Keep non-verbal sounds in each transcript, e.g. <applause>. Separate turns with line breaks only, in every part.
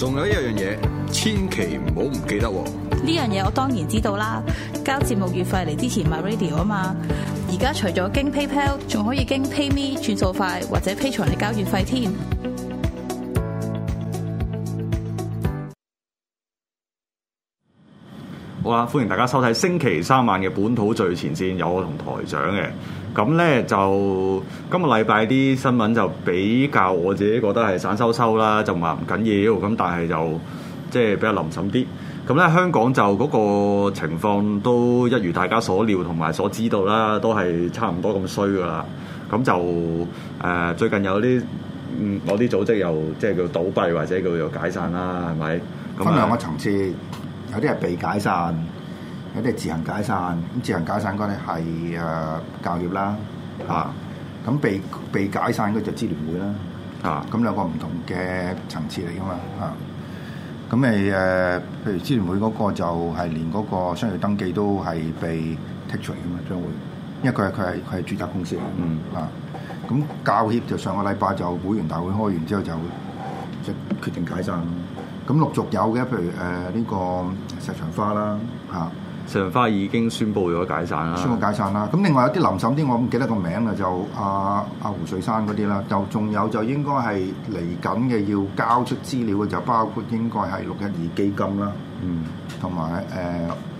仲有一樣嘢，千祈唔好唔記得喎！
呢樣嘢我當然知道啦，交節目月費嚟支持 MyRadio 啊嘛！而家除咗經 PayPal，仲可以經 PayMe 轉數快，或者 Patreon 嚟交月費添。
好啦，歡迎大家收睇星期三晚嘅本土最前線，有我同台長嘅。咁咧就今個禮拜啲新聞就比較我自己覺得係散收收啦，就話唔緊要，咁但係就即係比較臨審啲。咁咧香港就嗰個情況都一如大家所料同埋所知道啦，都係差唔多咁衰噶啦。咁就誒、呃、最近有啲嗯嗰啲組
織又即係叫倒閉或者叫又解散啦，係咪？分兩個層次，有啲係被解散。有啲係自行解散，咁自行解散嗰啲係誒教協啦，嚇，咁被被解散嗰就支聯會啦，啊，咁兩個唔同嘅層次嚟噶嘛，嚇，咁咪誒，譬如支聯會嗰個就係連嗰個商業登記都係被剔出嚟噶嘛，將會，因為佢係佢係佢係註冊公司，嗯，啊，咁教協就上個禮拜就會員大會開完之後就即決定解散，咁陸續有嘅，譬如誒呢個石牆花啦，嚇。
上花已經宣布咗解散啦，宣布解
散啦。咁另外有啲臨審啲，我唔記得個名啊，就阿阿胡翠山嗰啲啦。就仲有就應該係嚟緊嘅要交出資料嘅，就包括應該係六一二基金啦，嗯，同埋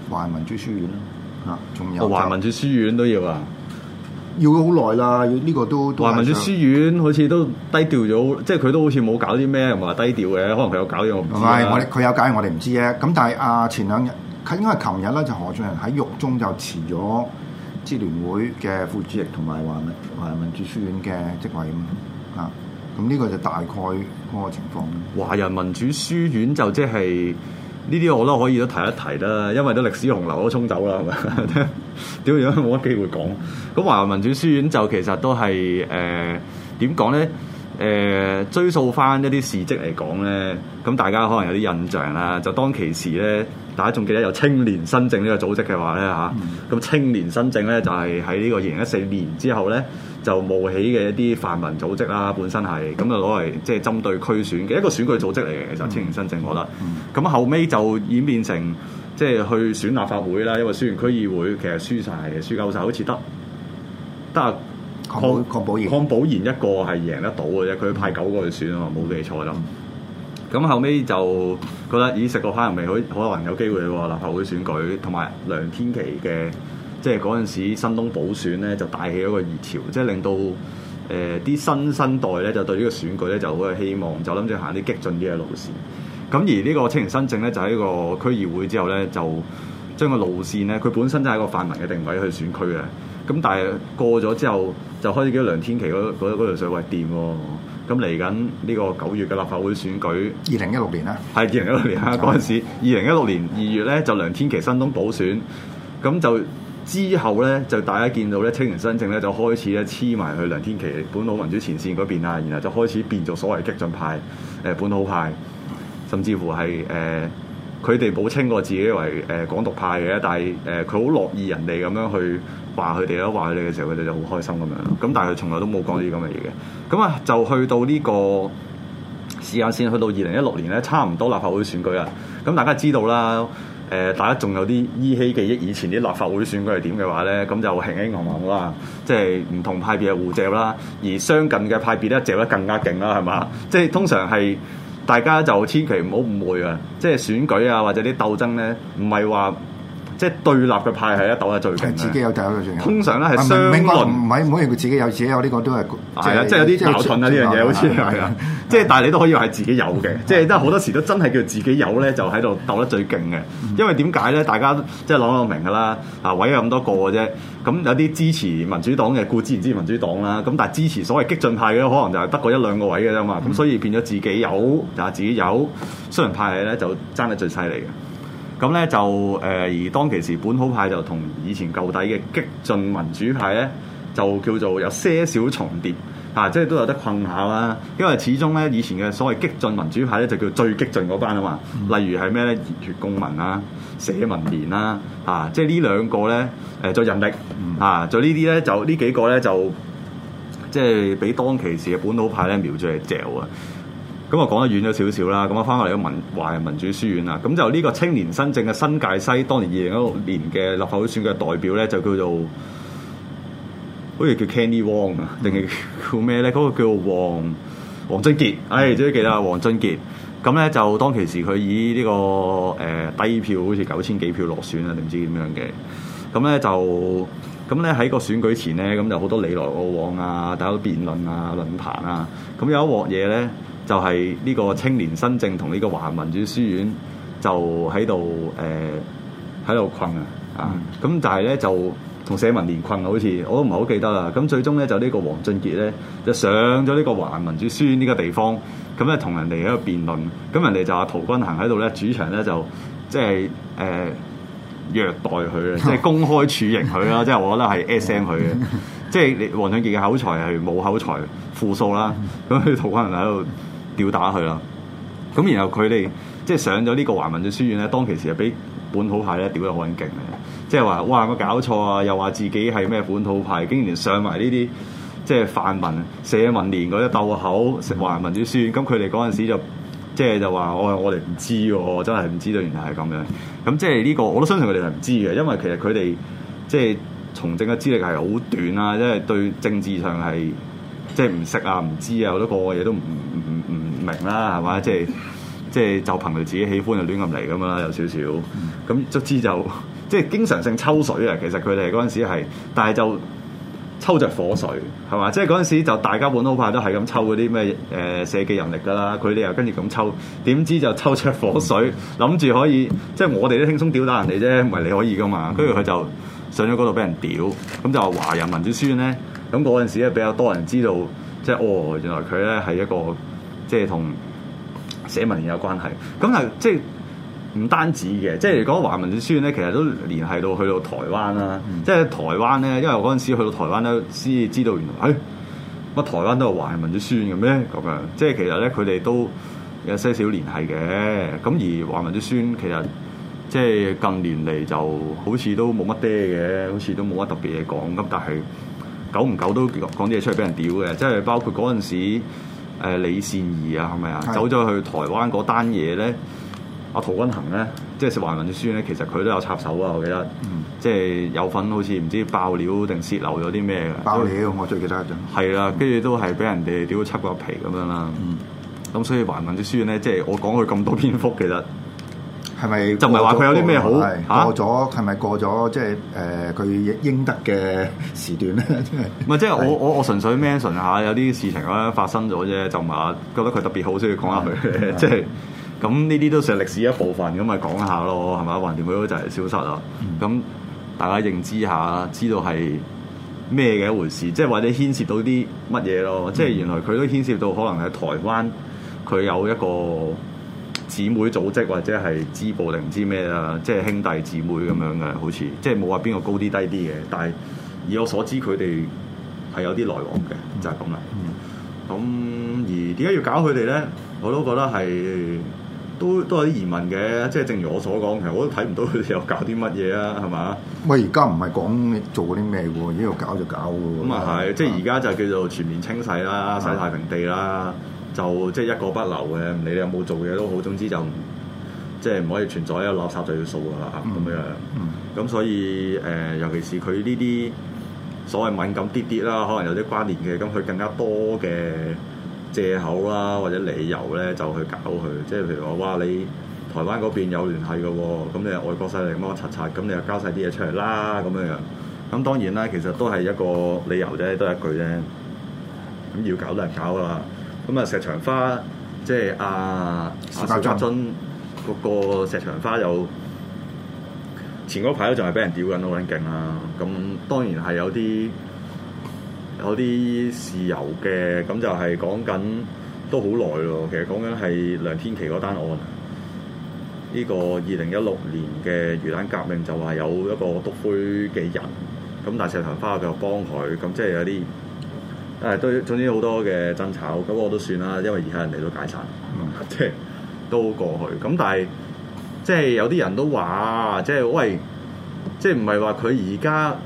誒華人民主書院咯，嚇，仲有、啊、華人
民主書院都要啊，
要咗好耐啦，呢、這個都華人民主書
院好似都低調咗，即係佢都好似冇搞啲咩，又話低調嘅，可能佢有搞咗。我唔唔係我
佢有解我，我哋唔知啫。咁但係阿前兩日。因為琴日咧就何俊仁喺獄中就辭咗支聯會嘅副主席同埋話咩？同埋華人民主書院嘅職位咁啊，咁呢個就大概嗰個情況。
華人民主書院就即係呢啲，我都可以都提一提啦，因為都歷史洪流都沖走啦，係嘛的？點樣冇乜機會講？咁華人民主書院就其實都係誒點講咧？呃誒追溯翻一啲事蹟嚟講咧，咁大家可能有啲印象啦。就當其時咧，大家仲記得有青年新政呢個組織嘅話咧嚇。咁、嗯、青年新政咧就係喺呢個二零一四年之後咧，就冒起嘅一啲泛民組織啦。本身係咁就攞嚟即係針對區選嘅一個選舉組織嚟嘅，其實青年新政我覺得。咁、嗯、後尾就演變成即係、就是、去選立法會啦，因為輸完區議會其實輸曬，輸夠曬，好似得得。鄺鄺葆賢，鄺葆賢一個係贏得到嘅啫，佢派九個去選嘛，冇記錯啦。咁、嗯、後尾就覺得已經，咦？食個蝦又未？可可能有機會喎。立法會選舉同埋梁天琦嘅，即係嗰陣時新東補選咧，就帶起一個熱潮，即、就、係、是、令到誒啲、呃、新生代咧，就對呢個選舉咧就好有希望，就諗住行啲激進啲嘅路線。咁而呢個青年新政咧，就喺個區議會之後咧，就將個路線咧，佢本身就係一個泛民嘅定位去選區嘅。咁但係過咗之後就開始叫梁天琦嗰嗰嗰條水位掂喎，咁嚟緊呢個九月嘅立法會選舉，二零一六年啊，係二零一六年啊，嗰陣、嗯、時二零一六年二月咧就梁天琦新東補選，咁就之後咧就大家見到咧青年新政咧就開始咧黐埋去梁天琦本土民主前線嗰邊啊，然後就開始變做所謂激進派誒、呃、本土派，甚至乎係誒。呃佢哋冇稱過自己為誒、呃、港獨派嘅，但係誒佢好樂意人哋咁樣去話佢哋啦，話佢哋嘅時候，佢哋就好開心咁樣。咁但係佢從來都冇講呢啲咁嘅嘢嘅。咁、嗯、啊，就去到呢個時間線，去到二零一六年咧，差唔多立法會選舉啊。咁、嗯、大家知道啦，誒、呃，大家仲有啲依稀記憶以前啲立法會選舉係點嘅話咧，咁、嗯、就卿卿我我啦，即係唔同派別嘅互借啦。而相近嘅派別咧，借得更加勁啦，係嘛？即係通常係。大家就千祈唔好誤會啊，即係選舉啊，或者啲鬥爭咧，唔係話。即係對立嘅派系一鬥得最勁嘅，自己有第一嘅仲有。通常咧係雙輪，
唔係唔可以佢自己有自己有呢個都係。係啊，即係有啲矛盾啊，呢樣嘢好似係啊。即
係但係你都可以話係自己有嘅，即係都好多時都真係叫自己有咧就喺度鬥得最勁嘅。因為點解咧？大家即係攞攞明㗎啦，啊位有咁多個嘅啫。咁有啲支持民主黨嘅固之然支持民主黨啦。咁但係支持所謂激進派嘅，可能就係得個一兩個位嘅啫嘛。咁所以變咗自己有也自己有雙輪派嘅咧，就爭得最犀利嘅。咁咧就誒、呃，而當其時本土派就同以前舊底嘅激進民主派咧，就叫做有些少重疊吓、啊，即係都有得困下啦。因為始終咧以前嘅所謂激進民主派咧就叫最激進嗰班啊嘛，嗯、例如係咩咧熱血公民啦、啊、社民連啦吓，即係呢兩個咧誒就人力吓、啊、就呢啲咧就呢幾個咧就即係俾當其時嘅本土派咧瞄住嚟嚼啊！咁我講得遠咗少少啦，咁我翻返嚟個民華人民主書院啦，咁就呢個青年新政嘅新界西，當年二零一六年嘅立法會選舉嘅代表咧，就叫做好似叫 Kenny Wong 啊、嗯，定係叫咩咧？嗰、那個叫黃黃俊傑，誒、哎、最記得啊黃俊傑。咁咧就當其時佢以呢個誒低票，好似九千幾票落選啊，定唔知點樣嘅。咁咧就咁咧喺個選舉前咧，咁就好多你來我往啊，大家辯論啊、論壇啊。咁有一鑊嘢咧。就係呢個青年新政同呢個華民主書院就喺度誒，喺度困啊，啊咁，但係咧就同社民連困啊，好似我都唔係好記得啦。咁最終咧就呢個黃俊傑咧就上咗呢個華民主書院呢個地方，咁咧同人哋喺度辯論，咁人哋就話陶君行喺度咧主場咧就即係誒虐待佢嘅，即係公開處刑佢啦！即係 <laughs> 我覺得係 SM 佢嘅，即係黃俊傑嘅口才係冇口才，負數啦。咁佢 <laughs> 陶君行喺度。吊打佢啦，咁然後佢哋即係上咗呢個華文書院咧，當其時啊，俾本土派咧吊得好緊勁，即係話哇，我搞錯啊？又話自己係咩本土派，竟然上埋呢啲即係泛民、社民連嗰啲鬥口食華文書院，咁佢哋嗰陣時就即係就話、哎、我我哋唔知喎，真係唔知道原來係咁樣。咁即係呢、這個我都相信佢哋係唔知嘅，因為其實佢哋即係從政嘅資歷係好短啊，即係對政治上係即係唔識啊、唔知啊，好多個嘢都唔唔唔唔。明啦，係嘛？即係即係就憑佢自己喜歡就亂咁嚟咁樣啦，有少少咁，卒之 <noise> 就即係、就是、經常性抽水啊！其實佢哋嗰陣時係，但係就抽着火水係嘛？即係嗰陣時就大家本都好怕都係咁抽嗰啲咩誒社記人力噶啦，佢哋又跟住咁抽，點知就抽著火水，諗住、就是呃、可以即係、就是、我哋都輕鬆屌打人哋啫，唔係你可以噶嘛？跟住佢就上咗嗰度俾人屌，咁就話華人民主書院咧，咁嗰陣時咧比較多人知道，即、就、係、是、哦，原來佢咧係一個。即係同寫文有關係，咁啊，即係唔單止嘅，即係如果華文書院咧，其實都聯繫到去到台灣啦。嗯、即係台灣咧，因為我嗰陣時去到台灣咧，先知道原來，哎，乜台灣都有華文書院嘅咩咁樣？即係其實咧，佢哋都有些少聯繫嘅。咁而華文書院其實，即係近年嚟就好似都冇乜爹嘅，好似都冇乜特別嘢講。咁但係久唔久都講啲嘢出嚟俾人屌嘅，即係包括嗰陣時。誒李善怡啊，係咪啊？走咗是去台灣嗰單嘢咧，阿陶君行咧，即係《華文讀書》咧，其實佢都有插手啊，我記得，嗯、即係有份好似唔知爆料定泄漏咗啲咩嘅。爆料，為我最記得一樣。係啦、啊，跟住都係俾人哋屌七個皮咁樣啦。嗯，咁、嗯、所以《華文讀書》咧，即係我講佢咁多篇幅，其實。係咪就唔係話佢有啲咩好？
過咗係咪過咗即係誒佢應得嘅時段咧？
唔係即係我我是我純粹 mention 下有啲事情咧發生咗啫，就唔係覺得佢特別好所以講下佢。即係咁呢啲都算係歷史一部分咁咪講下咯，係咪？橫掂佢都就係消失啦。咁、嗯、大家認知下，知道係咩嘅一回事，即、就、係、是、或者牽涉到啲乜嘢咯？即、就、係、是、原來佢都牽涉到可能喺台灣，佢有一個。姊妹組織或者係支部定唔知咩啊？即係兄弟姊妹咁樣嘅，好似即係冇話邊個高啲低啲嘅。但係以我所知，佢哋係有啲來往嘅，就係咁啦。咁、嗯、而點解要搞佢哋咧？我都覺得係都都有啲疑問嘅。即係正如我所講嘅，其實我都睇唔到佢哋有搞啲乜嘢啊？係嘛？
喂！而家唔係講做啲咩喎？而家搞就搞喎。咁啊係，即
係而家就叫做全面清洗啦，的洗太平地啦。就即係、就是、一個不留嘅，唔理你有冇做嘢都好，總之就即係唔可以存在一個垃圾就要掃㗎啦咁樣。咁、mm hmm. 嗯、所以誒、呃，尤其是佢呢啲所謂敏感啲啲啦，可能有啲關聯嘅，咁佢更加多嘅借口啦或者理由咧，就去搞佢。即、就、係、是、譬如話，哇你台灣嗰邊有聯繫嘅喎，咁你外國勢力摸擦擦，咁你又交晒啲嘢出嚟啦咁樣。咁當然啦，其實都係一個理由啫，都係一句啫。咁要搞都係搞㗎啦。咁啊！石牆花，即係阿阿石澤津嗰個石牆花有，前嗰排都仲係俾人屌緊好撚勁啦。咁、啊、當然係有啲 <laughs> 有啲事由嘅，咁就係講緊都好耐咯。其實講緊係梁天琦嗰單案，呢、個二零一六年嘅魚蛋革命就話有一個督灰嘅人，咁但係石牆花佢又幫佢，咁即係有啲。誒對，總之好多嘅爭吵，咁我都算啦，因為而家人哋都解散，即係、嗯、 <laughs> 都過去。咁但係即係有啲人都話，即、就、係、是、喂，即係唔係話佢而家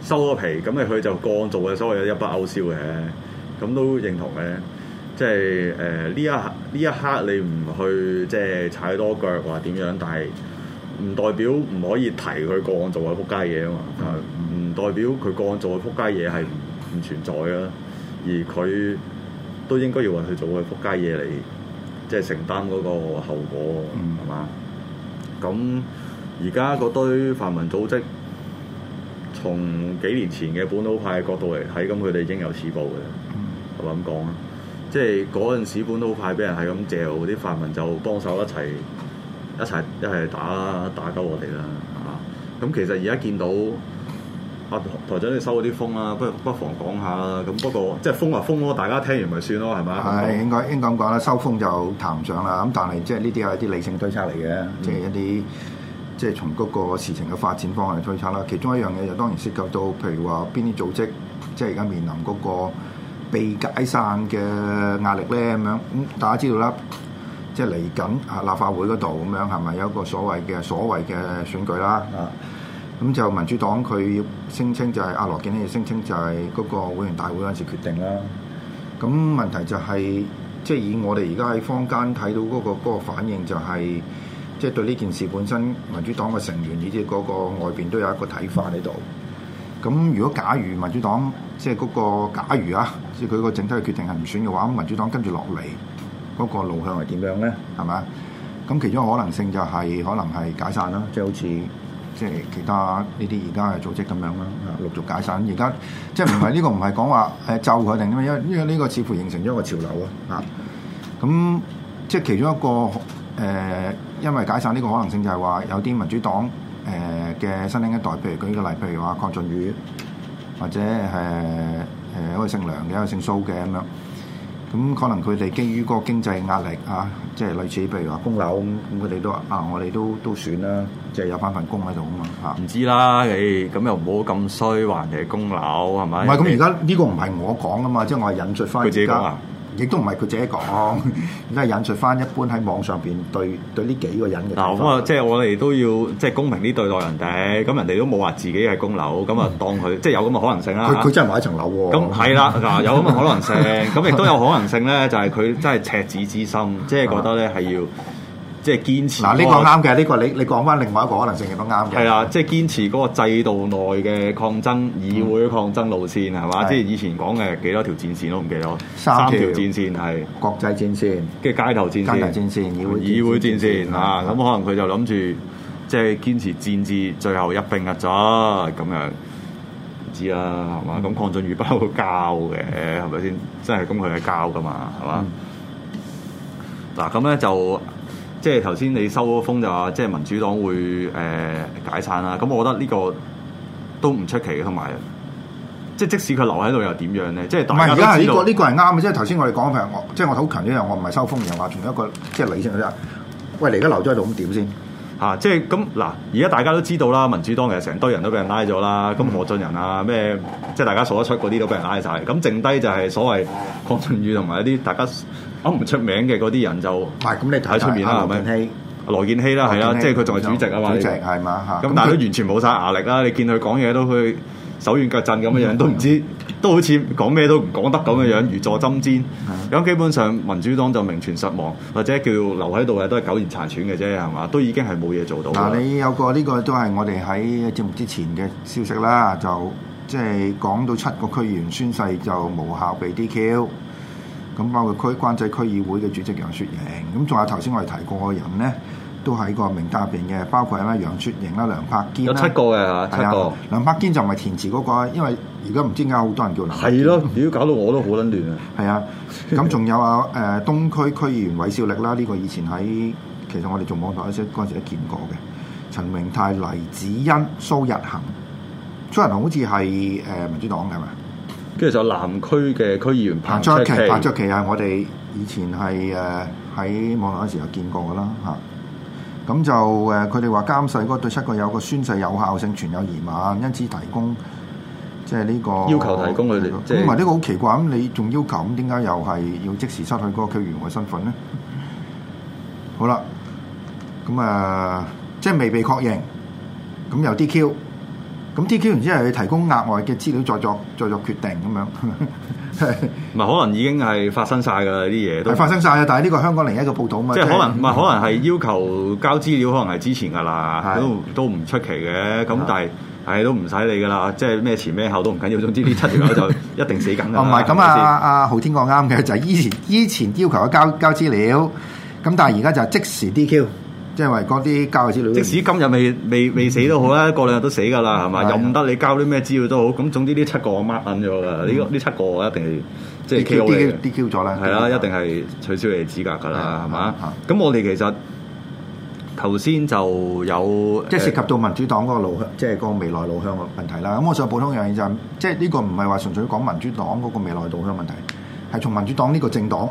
收咗皮，咁咪佢就個案做嘅所謂一筆勾銷嘅，咁都認同嘅。即係誒呢一呢一刻你唔去即係、就是、踩多腳話點樣，但係唔代表唔可以提佢個案做嘅撲街嘢啊嘛，唔、嗯、代表佢個案做嘅撲街嘢係。唔存在啊，而佢都應該要為佢做嘅撲街嘢嚟，即係承擔嗰個後果，係嘛、嗯？咁而家個堆泛民組織，從幾年前嘅本土派角度嚟睇，咁佢哋應有此報嘅，係咪咁講啊？即係嗰陣時本土派俾人係咁嚼，啲泛民就幫手一齊一齊一齊打打鳩我哋啦，係嘛？咁其實而家見到。啊，台長你收嗰啲
風啦、啊，不不妨講下啦。咁不過即係風話
風咯、啊，大家聽完咪算咯，係咪啊？係應該應
該咁講啦，收風就談唔上啦。咁但係即係呢啲係一啲理性推測嚟嘅、嗯，即係一啲即係從嗰個事情嘅發展方向推測啦、啊。其中一樣嘢就當然涉及到，譬如話邊啲組織即係而家面臨嗰個被解散嘅壓力咧咁樣。咁、嗯、大家知道啦，即係嚟緊啊立法會嗰度咁樣係咪有一個所謂嘅所謂嘅選舉啦？啊！咁就民主黨佢要聲稱就係阿羅健，呢，要聲稱就係嗰個會員大會嗰陣時決定啦、啊。咁問題就係即係以我哋而家喺坊間睇到嗰、嗰個嗰、嗰個反應就係即係對呢件事本身民主黨嘅成員以至嗰個外邊都有一個睇法喺度。咁如果假如民主黨即係嗰個假如啊，即係佢個整體決定係唔選嘅話，咁民主黨跟住落嚟嗰個路向係點樣咧？係咪咁其中可能性就係、是、可能係解散啦、啊，即係好似。即係其他呢啲而家嘅組織咁樣啦，陸續解散。而家即係唔係呢個唔係講話誒咒佢定㗎嘛？因為因為呢個似乎形成咗一個潮流啊。咁、嗯、即係其中一個誒、呃，因為解散呢個可能性就係話有啲民主黨誒嘅、呃、新領一代，譬如舉個例，譬如話鄺俊宇，或者係誒一個姓梁嘅，一個姓蘇嘅咁樣。咁可能佢哋基於個經濟壓力啊，即係類似譬如話供樓，咁佢哋都啊，我哋都都算啦，即係有翻份工喺度啊嘛嚇。唔
知啦，誒、哎，咁又唔好咁衰還人供樓係咪？唔係，咁而家呢個
唔係我講啊嘛，即係我係引述翻佢自己講。亦都唔係佢自己講，都係引述翻一般喺網上邊對對呢幾個人嘅。嗱咁啊，
即係我哋都要即係、就是、公平啲對待人哋，咁人哋都冇話自己係供樓，咁啊、嗯、當佢即係有咁嘅可能性啦。佢佢真係買
一層樓喎。係啦，嗱有咁嘅可能性，咁亦
都有可能性咧，就係佢真係赤子之心，即係 <laughs> 覺得咧係要。即係堅持嗱，呢個啱嘅，
呢個你你講翻另外一個可能性亦都啱嘅。係啊，
即係堅持嗰個制度內嘅抗爭、議會抗爭路線係嘛？即係以前講嘅幾多條戰線都唔記得，三條戰線係國際戰線、跟街頭戰街頭戰線、議會議會戰線啊。咁可能佢就諗住即係堅持戰至最後一兵一卒，咁樣。唔知啊，係嘛？咁抗爭與不交嘅係咪先？即係咁佢係交噶嘛係嘛？嗱咁咧就。即係頭先你收咗風就話，即係民主黨會誒、呃、解散啦。咁我覺得呢個都唔出奇嘅，同埋即係即使佢留喺度又點樣咧？即係唔係而家係
呢、這個？呢、這個係啱嘅。即係頭先我哋講嘅，我即係我好強調，我唔係收風，而係話從一個即係理性嗰啲。喂，你而家留咗喺度點先？吓、啊！即係
咁嗱，而家大家都知道啦，民主黨其實成堆人都俾人拉咗啦。咁、嗯、何俊仁啊，咩即係大家數得出嗰啲都俾人拉晒。咁剩低就係所謂鄺俊宇同埋一啲大家諗唔出名嘅嗰啲人就。咪咁、啊、你睇出面啦，係咪、啊？羅健熙啦，係啦、啊，即係佢仲係主席啊嘛，係
嘛，咁但係
都完全冇晒壓力啦。你見佢講嘢都去。手軟腳震咁嘅樣，都唔知都好似講咩都唔講得咁嘅樣，如坐針氈。咁基本上民主黨就名存實亡，或者叫留喺度嘅都係苟延殘喘嘅啫，係嘛？都已經係冇嘢做到。嗱、啊，你
有個呢、呢個都係我哋喺節目之前嘅消息啦，就即係講到七個區議員宣誓就無效被 DQ，咁包括區關制區議會嘅主席楊雪瑩，咁仲有頭先我哋提過嘅人咧。都喺個名單入邊嘅，包括咩？楊卓盈啦、梁柏堅啦，有七個嘅嚇，七個，梁柏堅就唔係填詞嗰個，因為而家唔知點解好多人叫梁柏堅。係咯，如果搞到我都好撚亂啊。係啊， <laughs> 咁仲有啊誒東區區議員韋少力啦，呢、呢個以前喺其實我哋做網台嗰時都見過嘅。陳明泰、黎子欣、蘇日恒。蘇日恒好似係誒民主黨嘅係嘛？跟住就南區嘅區議員彭卓棋，彭卓棋係我哋以前係誒喺網台嗰時又見過啦嚇。啊咁就誒，佢哋話監視嗰對七個有個宣誓有效性存有疑問，因此提供即係呢、呢個要求
提供佢哋。咁啊供，呢是個好
奇怪！咁你仲要求，咁點解又係要即時失去嗰個區議員嘅身份咧？好啦，咁啊、呃，即係未被確認，咁有 DQ，咁 DQ 然之後要提供額外嘅資料再作再作決定咁樣。 <laughs>
唔係 <music> 可能已經係發生曬噶啲嘢，都發生
晒啊！但係呢個香港另一個報道嘛，即係可能
唔係、嗯、可能係要求交資料，可能係之前噶啦是的，都是的、哎、都唔出奇嘅。咁但係，唉都唔使理噶啦，即係咩前咩後都唔緊要，總之呢七條友就一定死緊啦。唔係、 <laughs> 哦，咁、嗯、吧啊阿、
啊、浩天講啱嘅就係、是、以前以前要求去交交資料，咁但係而家就即時 DQ。即係話嗰啲交嘅資料，即使今
日未未未死都好啦，過兩日都死噶啦，係嘛？又唔得，你交啲咩資料都好。咁總之呢七個，我 mark 緊咗噶。呢呢七個一定係即係
kill 咗嘅，係啦，一
定係取消你資格噶啦，係嘛？咁我哋其實頭先就有，
即係涉及到民主黨嗰個路向，即係個未來路向問題啦。咁我想補充嘅嘢就係，即係呢個唔係話純粹講民主黨嗰個未來路向問題，係從民主黨呢個政黨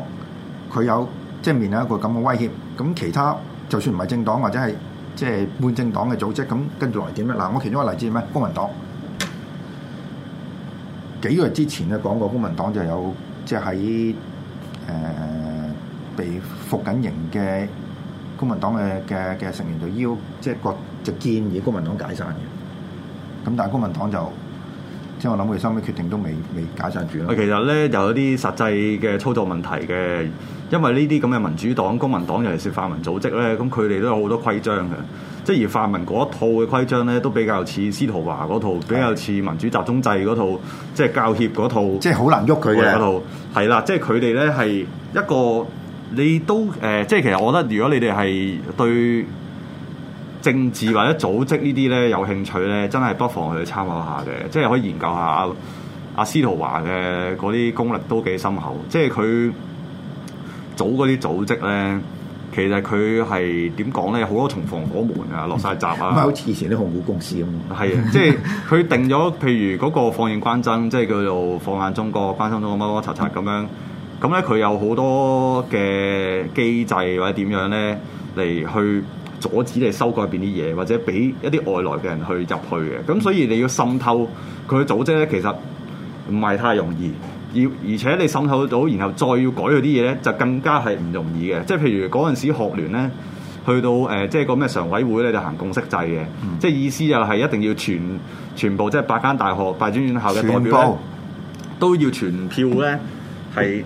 佢有即係面臨一個咁嘅威脅，咁其他，就算唔係政黨或者係即係半政黨嘅組織，咁跟住來點咧？嗱，我其中一個例子係咩？公民黨幾個月之前咧講過，公民黨就有即係喺誒被服緊刑嘅公民黨嘅嘅嘅成員就要即係個提建議公民黨解散嘅。咁但係公民黨就即係我諗佢收尾決定都未未解散住啦。其
實咧有啲實際嘅操作問題嘅。因為呢啲咁嘅民主黨、公民黨，尤其是泛民組織咧，咁佢哋都有好多規章嘅。即係而泛民嗰一套嘅規章咧，都比較似司徒華嗰套，是的 比較似民主集中制嗰套，即係教協嗰套，套。即係好難喐佢嘅嗰套。係啦、呃，即係佢哋咧係一個你都誒，即係其實我覺得，如果你哋係對政治或者組織呢啲咧有興趣咧，真係不妨去參考下嘅，即係可以研究下阿司徒華嘅嗰啲功力都幾深厚。即係佢。組嗰啲組織咧，其實佢係點講咧？好多重防火門啊，落晒閘啊！唔係好
似以前啲控股公司咁啊！係 <noise> 啊樂， <music> 即係
佢定咗，譬如嗰個放影關真，即係叫做放眼中國、關心中國，乜乜叉叉咁樣。咁咧佢有好多嘅機制或者點樣咧，嚟去阻止你修改入邊啲嘢，或者俾一啲外來嘅人去入去嘅。咁所以你要滲透佢嘅組織咧，其實唔係太容易。要而且你審透到，然後再要改嗰啲嘢咧，就更加係唔容易嘅。即係譬如嗰陣時學聯咧，去到誒、呃、即係個咩常委會咧，就行共識制嘅，嗯、即係意思又係一定要全全部即係八間大學、八間院校嘅代表部都要全票咧係。嗯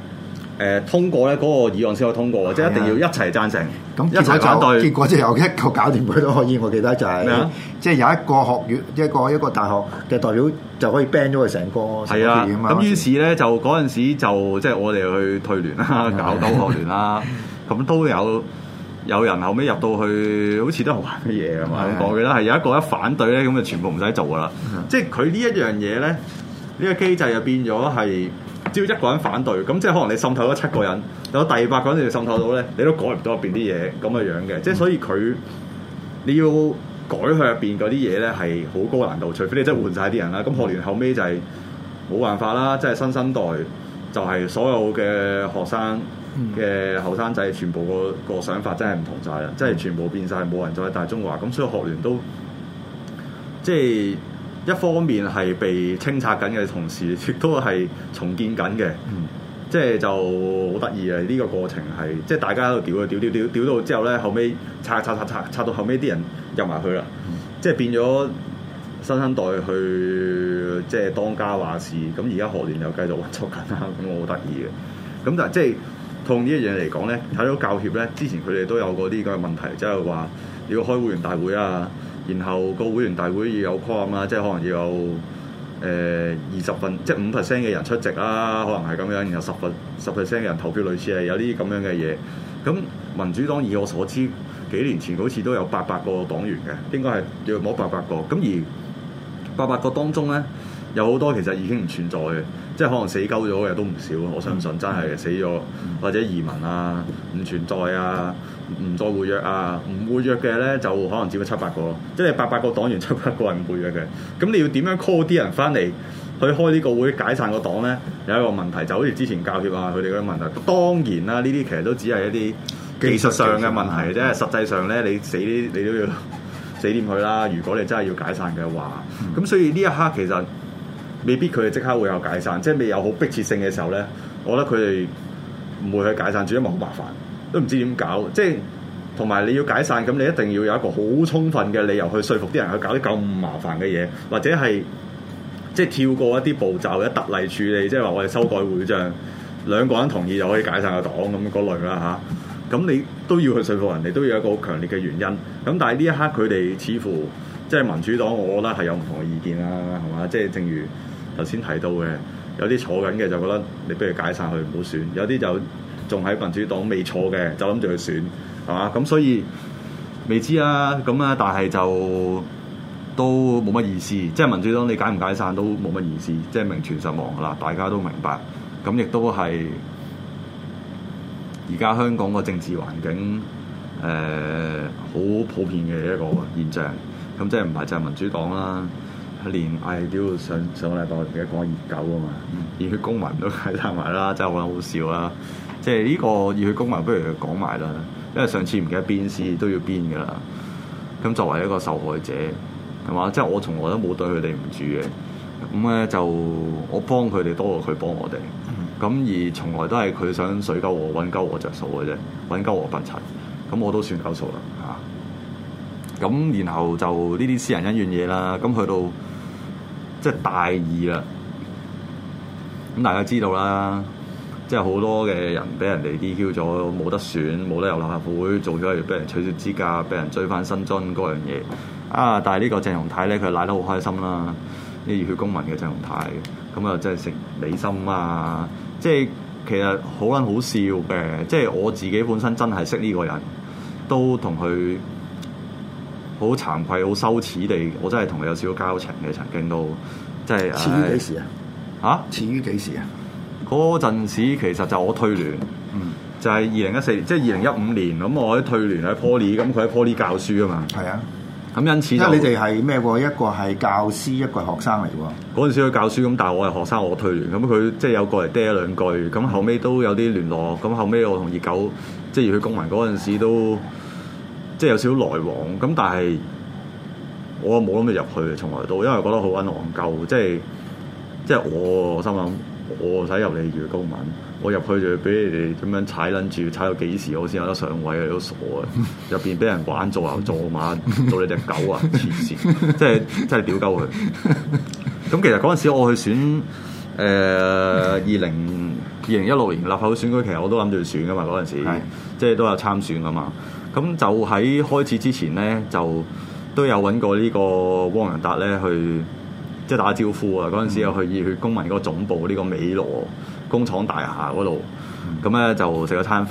誒通過咧，嗰個議案先可通過嘅，即係一定要一齊贊成。咁一齊反對，結果即係
有一個搞掂佢都可以。我記得就係，即係有一個學院、一個一個大學嘅代表就可以 ban 咗佢成個成啊，咁於
是咧，就嗰陣時就即係我哋去退聯啦，搞到學聯啦，咁都有有人後尾入到去，好似都係玩嘅嘢咁嘛？我記得係有一個一反對咧，咁就全部唔使做噶啦。即係佢呢一樣嘢咧，呢個機制又變咗係。只要一個人反對，咁即係可能你滲透咗七個人，有第八個人你滲透到咧，你都改唔到入邊啲嘢咁嘅樣嘅。即係所以佢，你要改佢入邊嗰啲嘢咧，係好高難度。除非你真係換晒啲人啦。咁學聯後尾就係冇辦法啦，即係新生代就係所有嘅學生嘅後生仔，嗯、全部、個想法真係唔同晒啦，即係全部變晒，冇人再大中華。咁所以學聯都即係。一方面係被清拆緊嘅，同時亦都係重建緊嘅。嗯，即係就好得意啊！呢個過程係即係大家喺度屌啊，屌屌屌屌到之後咧，後尾拆拆拆拆，拆到後尾啲人入埋去啦。嗯，即係變咗新生代去即係當家話事。咁而家學聯又繼續運作緊啦。咁我好得意嘅。咁但係即係同呢一樣嚟講咧，睇到教協咧，之前佢哋都有過啲咁嘅問題，即係話要開會員大會啊。然後個會員大會要有框啊，即係可能要有誒二十分，即係五 percent 嘅人出席啦，可能係咁樣。然後十分，十 percent 嘅人投票，類似係有啲咁樣嘅嘢。咁民主黨以我所知，幾年前好似都有八百個黨員嘅，應該係要摸八百個。咁而八百個當中咧。有好多其實已經唔存在嘅，即係可能死鳩咗嘅都唔少，我相信真係死咗或者移民啊，唔存在啊，唔再活躍啊，唔活躍嘅咧就可能只有七八個，即係八百個黨員，七八個人唔活躍嘅。咁你要點樣 call 啲人翻嚟去開呢個會解散個黨咧？有一個問題就好似之前教協啊佢哋嘅問題，當然啦，呢啲其實都只係一啲技術上嘅問題啫。實際上咧，你死啲，你都要死掂佢啦。如果你真係要解散嘅話，咁、嗯、所以呢一刻其實。未必佢哋即刻會有解散，即係未有好迫切性嘅時候咧，我覺得佢哋唔會去解散住，因為好麻煩，都唔知點搞。即係同埋你要解散，咁你一定要有一個好充分嘅理由去説服啲人去搞啲咁麻煩嘅嘢，或者係即係跳過一啲步驟，一特例處理，即係話我哋修改會章，兩個人同意就可以解散個黨咁嗰類啦吓，咁、啊、你都要去説服人哋，都要一個好強烈嘅原因。咁但係呢一刻佢哋似乎即係民主黨，我覺得係有唔同嘅意見啦，係嘛？即係正如。頭先提到嘅，有啲坐緊嘅就覺得你不如解散佢，唔好選；有啲就仲喺民主黨未坐嘅，就諗住去選，係嘛？咁所以未知啊，咁啊，但係就都冇乜意思。即係民主黨你解唔解散都冇乜意思，即係名存實亡啦。大家都明白，咁亦都係而家香港個政治環境誒，好普遍嘅一個現象。咁即係唔係就係民主黨啦？連我係都要上上個禮拜唔記得講熱狗啊嘛，熱、嗯、血公民都睇曬埋啦，真係好笑啦。即係呢個熱血公民，不如佢講埋啦，因為上次唔記得邊事都要邊噶啦。咁作為一個受害者係嘛，即係、就是、我從來都冇對佢哋唔住嘅，咁咧就我幫佢哋多過佢幫我哋。咁、嗯、而從來都係佢想水鳩我，搵鳩我着數嘅啫，搵鳩我不齊。咁我都算鳩數啦嚇。咁然後就呢啲私人恩怨嘢啦，咁去到。即係大意啦！咁大家知道啦，即係好多嘅人俾人哋 DQ 咗，冇得選，冇得入立法會，做咗俾人取消資格，俾人追翻薪津嗰樣嘢。啊！但係呢個鄭松泰咧，佢賴得好開心啦！啲熱血公民嘅鄭松泰，咁啊真係食理心啊！即係其實好撚好笑嘅。即係我自己本身真係識呢個人，都同佢。好慚愧、好羞恥地，我真係同佢有少少交情嘅，曾經都即係。遲於幾時啊？嚇、啊？遲於幾時啊？嗰陣時其實就我退聯，嗯，就係二零一四年，即係二零一五年，咁我喺退聯喺 Poly，咁佢喺 Poly 教書啊嘛。係啊、嗯。咁因
此就因為你哋係咩喎？一個係教師，一個係學生嚟喎。
嗰陣時佢教書，咁但係我係學生，我退聯，咁佢即係有過嚟嗲一兩句，咁後尾都有啲聯絡，咁後尾我同二九即係佢公民嗰陣時都。即係有少少來往，咁但係我冇諗住入去，從來都，因為覺得好撚戇鳩，即係即係我心諗，我使入你魚高玩，我入去就俾你哋咁樣踩撚住，踩到幾時我先有得上位啊？都傻啊！入邊俾人玩做牛做馬，做你隻狗啊！黐線，即係即係屌鳩佢。咁其實嗰陣時我去選，誒，二零二零一六年立法會選舉，其實我都諗住選噶嘛，嗰陣時是的 即係都有參選噶嘛。咁就喺開始之前咧，就都有揾過呢個汪仁達咧去，即係打招呼啊！嗰陣、嗯、時又去熱血公民個總部呢、呢個美羅工廠大廈嗰度，咁咧、嗯、就食咗餐飯。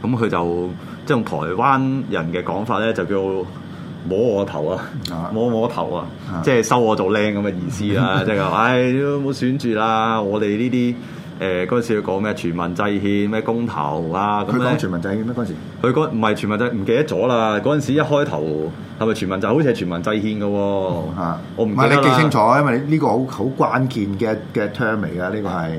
咁佢、嗯、就即係用台灣人嘅講法咧，就叫摸我頭啊，啊摸摸頭啊，啊即係收我做靚咁嘅意思啦。即係話，唉冇選住啦，我哋呢啲。誒嗰陣時佢講咩全民制憲咩公投啊咁咧？佢講全民制憲咩嗰陣時？佢嗰唔係全民制，唔記得咗啦。嗰陣時一開頭係咪全民就好似係全民制憲嘅喎？嚇，我唔係你記清楚，
因為呢個好好關鍵嘅嘅 term 嚟㗎，呢個係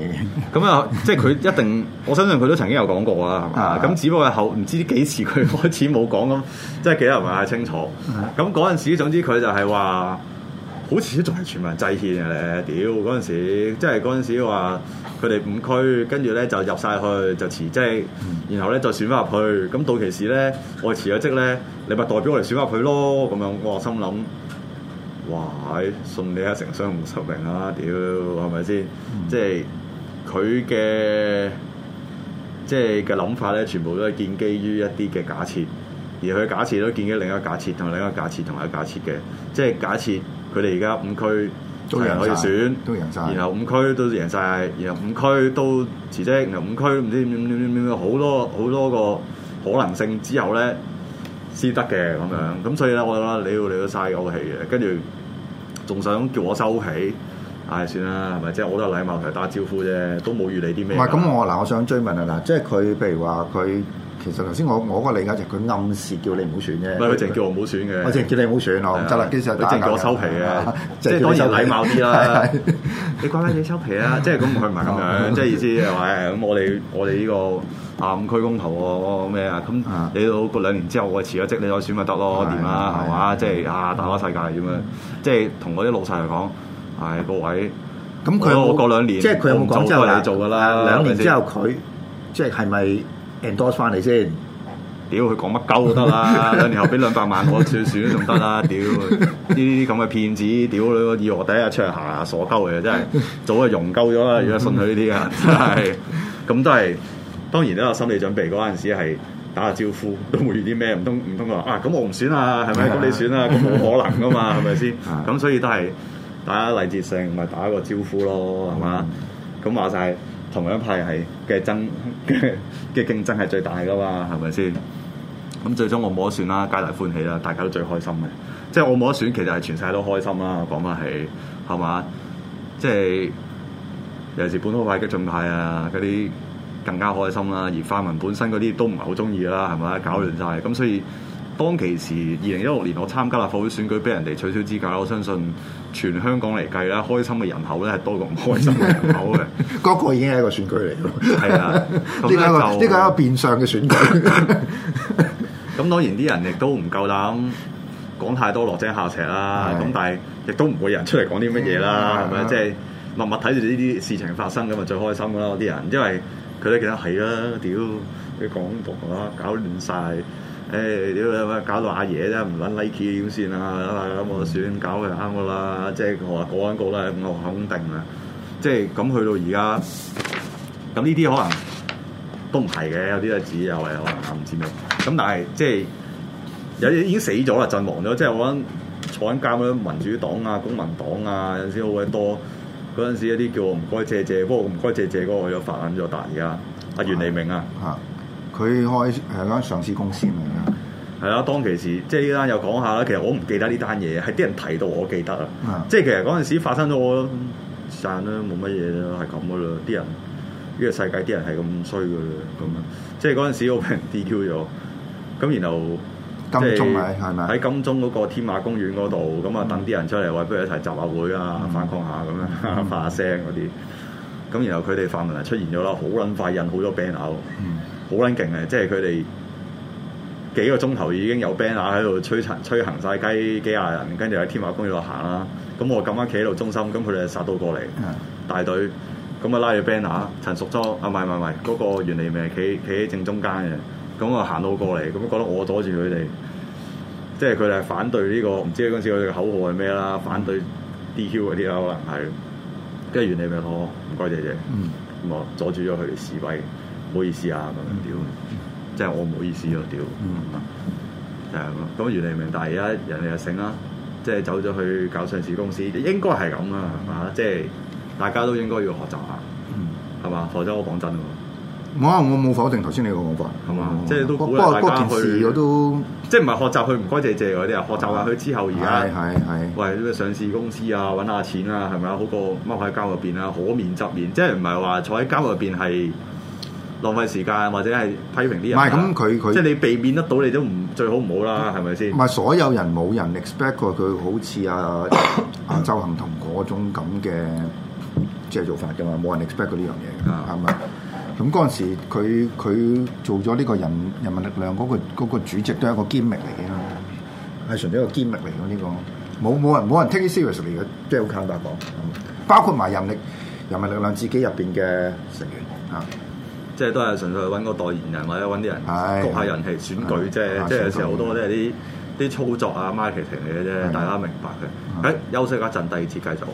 咁啊！即係佢一定，我相信佢都曾經有講過啦，係嘛？咁只不過係後唔知幾時佢開始冇講咁，即係記得唔係太清楚。咁嗰陣時總之佢就係話。好似都仲係全民制憲嘅咧，屌嗰陣時，即係嗰陣時話佢哋五區，跟住咧就入晒去就辭職，即然後咧就選翻入去。咁到期時咧，我辭咗職咧，你咪代表我嚟選翻入去咯。咁樣我心諗，哇！信你一成雙目失明啦，屌係咪先？即係佢嘅即係嘅諗法咧，全部都係建基於一啲嘅假設，而佢假設都建基另一個假設同另一個假設同另一個假設嘅，即係假設。佢哋而家五區都可以選，然後五區都贏晒。然後五區都辭職，然後五區唔知點點點點好多好多個可能性之後咧，先得嘅咁樣，咁所以咧我覺得你要你都嘥我氣嘅，跟住仲想叫我收起，唉、哎、算啦，係咪即係我都係禮貌同打招呼啫，都冇預你啲咩。唔係咁
我嗱，我想追問啊嗱，即係佢譬如話佢。其實頭先我我個理解就係佢暗示叫你唔好選啫，唔係佢淨係叫我唔好選嘅，我淨係叫你唔好選咯，唔得啦，其實你淨係叫我收皮啊，即係當有禮貌啲啦。
你乖乖你收皮啊，即係咁佢唔係咁樣，即係意思係話。咁我哋我哋呢個五區公投啊，咩啊？咁你到過兩年之後，我辭咗職，你再選咪得咯？掂啦，係嘛？即係啊，大個世界咁樣，即係同嗰啲老細嚟講，係各位
咁佢過兩年，即係佢有冇講即係我哋做㗎啦？兩年之後佢即係係咪？e n d o 翻嚟先，屌佢講乜鳩都得啦，兩年後俾兩百萬我，選
選都仲得啦，屌呢啲咁嘅騙子，屌你，以我第一日出嚟，吓，傻鳩嚟嘅，真係早就融鳩咗啦， <laughs> 如果信佢呢啲嘅， <laughs> 真係咁都係。當然都有心理準備嗰陣時係打下招呼，都冇遇啲咩，唔通唔通話啊？咁我唔選啊，係咪？咁你選啊？咁冇可能噶嘛，係咪先？咁所以都係打勵志性，咪打個招呼咯，係、啊、嘛？咁話晒。 <laughs> 同一派系嘅爭嘅 <laughs> 競爭係最大㗎嘛，係咪先？咁、嗯、最終我冇得選啦，皆大歡喜啦，大家都最開心嘅。即係我冇得選，其實係全世界都開心啦，講返起係嘛？即係尤其是本土派、激進派啊，嗰啲更加開心啦。而泛民本身嗰啲都唔係好鍾意啦，係咪？搞亂晒。咁，所以。當其時，二零一六年我參加立法會選舉，俾人哋取消資格。我相信全香港嚟計咧，開心嘅人口咧係多過唔開心嘅人
口嘅。嗰 <laughs> 個已經係一個選舉嚟嘅，係 <laughs> 啊，呢個呢個變相嘅選舉。
咁 <laughs> 當然啲人亦都唔夠膽講太多落井下石啦。咁的但係亦都唔會有人出嚟講啲乜嘢啦，係咪？即係默默睇住呢啲事情發生咁啊，最開心啦啲人，因為佢都覺得係啦，屌啲港獨啊搞亂晒。.誒，點、哎、搞到阿爺啫？唔揇 Nike 點算啊？咁、嗯、我就算搞佢啱噶啦，嗯、即係我話過緊過啦，我肯定啦。即係咁去到而家，咁呢啲可能都唔係嘅，有啲係指又係可能搞唔知咩。咁但係即係有啲已經死咗啦，陣亡咗。即係我講坐緊監嗰啲民主黨啊、公民黨啊，有陣時好鬼多。嗰陣時有啲叫我唔該借借，不過唔該借借嗰個我發咗達。而家阿袁黎明啊。嚇、啊。啊。
佢開係間上市公司嚟嘅，
係啦。當其時即係呢單又講下啦。其實我唔記得呢單嘢，係啲人提到我記得啦。的即係其實嗰陣時發生咗，我散啦，冇乜嘢啦，係咁嘅啦。啲人呢、呢個世界啲人係咁衰嘅啦，咁樣即係嗰陣時我畀人 DQ 咗，咁然後
金鐘咪係咪喺
金鐘嗰個天馬公園嗰度，咁啊、嗯、等啲人出嚟，不如一齊集下會啊，反抗下咁、嗯、樣，發下聲嗰啲。咁、嗯、然後佢哋發文嚟出現咗啦，好撚快印好多 banner。嗯嗯好撚勁嘅，即係佢哋幾個鐘頭已經有 banner 喺度吹塵吹行晒幾幾廿人，跟住喺天馬公園度行啦。咁我咁啱企喺度中心，咁佢哋殺到過嚟，大隊咁啊拉住 banner，陳淑莊啊，唔係唔係，嗰個袁彌明企企喺正中間嘅，咁啊行到過嚟，咁覺得我阻住佢哋，即係佢哋係反對呢個，唔知嗰陣時佢哋口號係咩啦？反對 DQ 嗰啲啦，可能係。跟住袁彌明，我唔該謝謝姐姐。咁啊阻住咗佢哋示威。唔好意思啊，咁樣屌，即係我唔好意思啊，屌、嗯，就係咁，咁原嚟明，但係而家人哋又醒啦，即係走咗去搞上市公司，應該係咁啊，係嘛？即、就、係、是、大家都應該要學習下，係嘛、嗯？否則我講真啊，
冇啊，我冇否定頭先你個講法，係嘛吧？即係、嗯、都鼓勵不大家去。都
即係唔係學習去，唔該借借嗰啲啊，學習下去之後而家係係喂啲咩上市公司啊，揾下錢啊，係咪啊？好過踎喺監入邊啊，可面執面，即係唔係話坐喺監入邊係。浪費時間或者係批評啲人，唔係咁佢佢即係你避免得到，你都唔最好唔好啦，係咪先？唔係、嗯、
所有人冇人 expect 過佢好似阿阿周幸彤嗰種咁嘅即係做法㗎嘛，冇人 expect 過呢樣嘢㗎，係咪？咁嗰陣時佢佢做咗呢個人人民力量嗰、嗰個嗰個主席都係一個 gimmick 嚟嘅，係純粹一個 gimmick 嚟嘅呢個，冇冇人冇人，人 take seriously 嚟嘅，即係好強大個，包括埋人力人民力量自己入邊嘅成員嚇。 <coughs> <coughs>
即係都係純粹揾個代言人或者揾啲人，焗下人氣選舉，啫的。即係有時候好多都係啲啲操作啊 marketing 嚟嘅啫，的大家明白嘅。誒的、欸，休息一陣，第二次繼續。